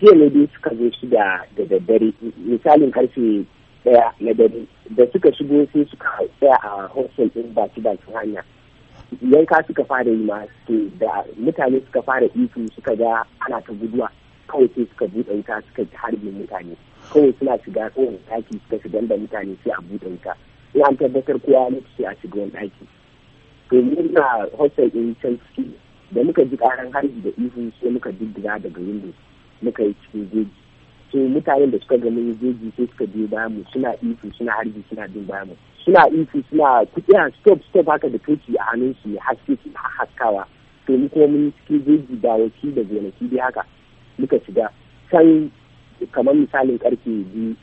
jiya ne dai suka zo shi da daddare misalin karfe daya na dare da suka shigo sai suka tsaya a hostel din baki bakin hanya yanka suka fara yi ma da mutane suka fara ihu suka ga ana ta guduwa kawai sai suka buɗe wuta suka harbe mutane kawai suna shiga kowane ɗaki suka shigar da mutane sai a buɗe wuta ina an tabbatar kowa ne sai a shiga wani ɗaki to na hostel din can da muka ji ƙaran harbi da ihu sai muka diddiga daga windows muka yi cikin jeji so mutanen da suka gani jeji sai suka biyo bayan mu suna ifi suna harbi suna bin bayan mu suna ifu suna kuɗi ah, stop stop haka da toci a hannun su haske su haskawa to mu kuma mun cikin jeji da waki da gonaki dai haka muka shiga can kamar misalin karfe biyu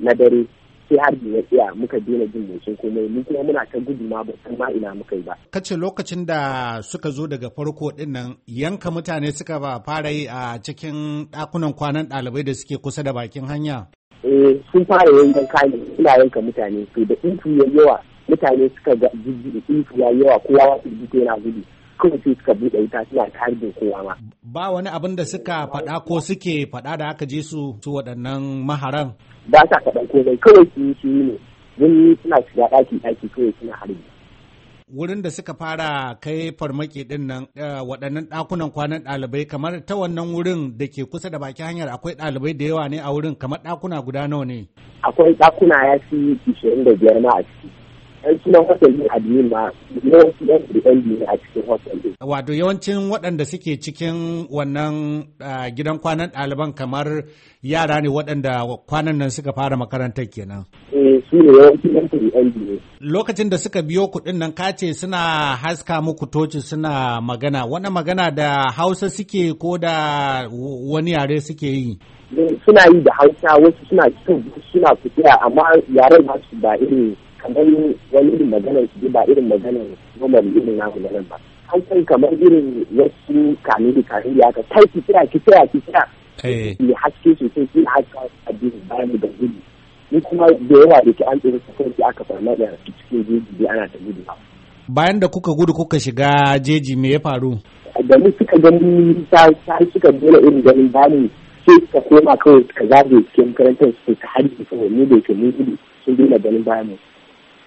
na dare sai har ya tsaya muka daina jin motsin komai mun kuma muna ta gudu ma ba san ma ina muka yi ba kace lokacin da suka zo daga farko dinnan yanka mutane suka ba fara yi a cikin ɗakunan kwanan ɗalibai da suke kusa da bakin hanya eh sun fara yanka ne suna yanka mutane to da in ya yawa mutane suka ga intu ya yawa kowa ya jike yana gudu kawai sai suka buɗe wuta suna tarbin kowa ma ba wani abin da suka faɗa ko suke faɗa da aka je su su waɗannan maharan ba sa faɗa ko bai kawai su su ne mun suna shiga ɗaki ɗaki kawai suna harbi wurin da suka fara kai farmaki ɗin nan eh, waɗannan ɗakunan kwanan ɗalibai kamar ta wannan wurin da ke kusa da baki hanyar akwai ɗalibai da yawa ne a wurin kamar ɗakuna guda nawa ne akwai ɗakuna ya fi 25 ma a ciki yan sunan hotel din admin ma yawanci yan Airbnb ne a cikin hotel Wato yawancin waɗanda suke cikin wannan gidan kwanan ɗaliban kamar yara ne waɗanda kwanan nan suka fara makarantar kenan. Eh su ne yawanci yan Airbnb Lokacin da suka biyo kuɗin nan kace suna haska muku toci suna magana Wani magana da Hausa suke ko da wani yare suke yi. Eh, suna yi da Hausa wasu suna cikin suna fitiya amma yaren masu su ba irin kamar wani irin maganar su ba irin maganar normal irin na maganar ba an san kamar irin wasu kanuri kamili aka kai ki kira ki kira ki kira eh. ki haske sosai ki haska addini bayan da gudu ni kuma da yawa da ki an tsere su kai aka farma da cikin jeji ana ta gudu bayan da kuka gudu kuka shiga jeji me ya faru da mu suka gani ta suka dole irin ganin bani sai suka koma kawai suka zagaye cikin makarantar su ta hajji saboda ni da ke mun gudu sun dole ganin bani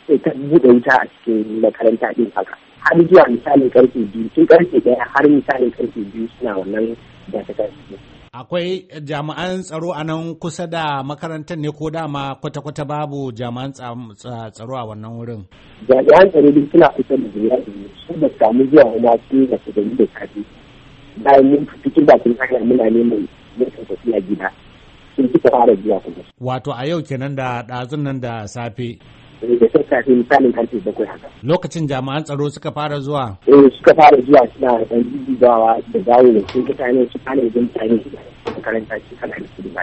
sai ta buɗe wuta a cikin makaranta ɗin haka har zuwa misalin karfe biyu tun karfe ɗaya har misalin karfe biyu suna wannan dakatarsu. Akwai jami'an tsaro a nan kusa da makarantar ne ko dama kwata-kwata babu jami'an tsaro a wannan wurin? Jami'an tsaro duk suna kusa da zuwa su da samu zuwa wani su da su gani da safe. Bayan mun fito da kun hanya muna neman mutum tafiya gida. Sun fita fara zuwa kuma. Wato a yau kenan da ɗazun nan da safe. Eh, da sun kafi misalin kantin da haka. Lokacin jami'an tsaro suka fara zuwa? Eh suka fara zuwa suna ɗan dubawa da dawo da sun mutane su kare da mutane makaranta ce kana da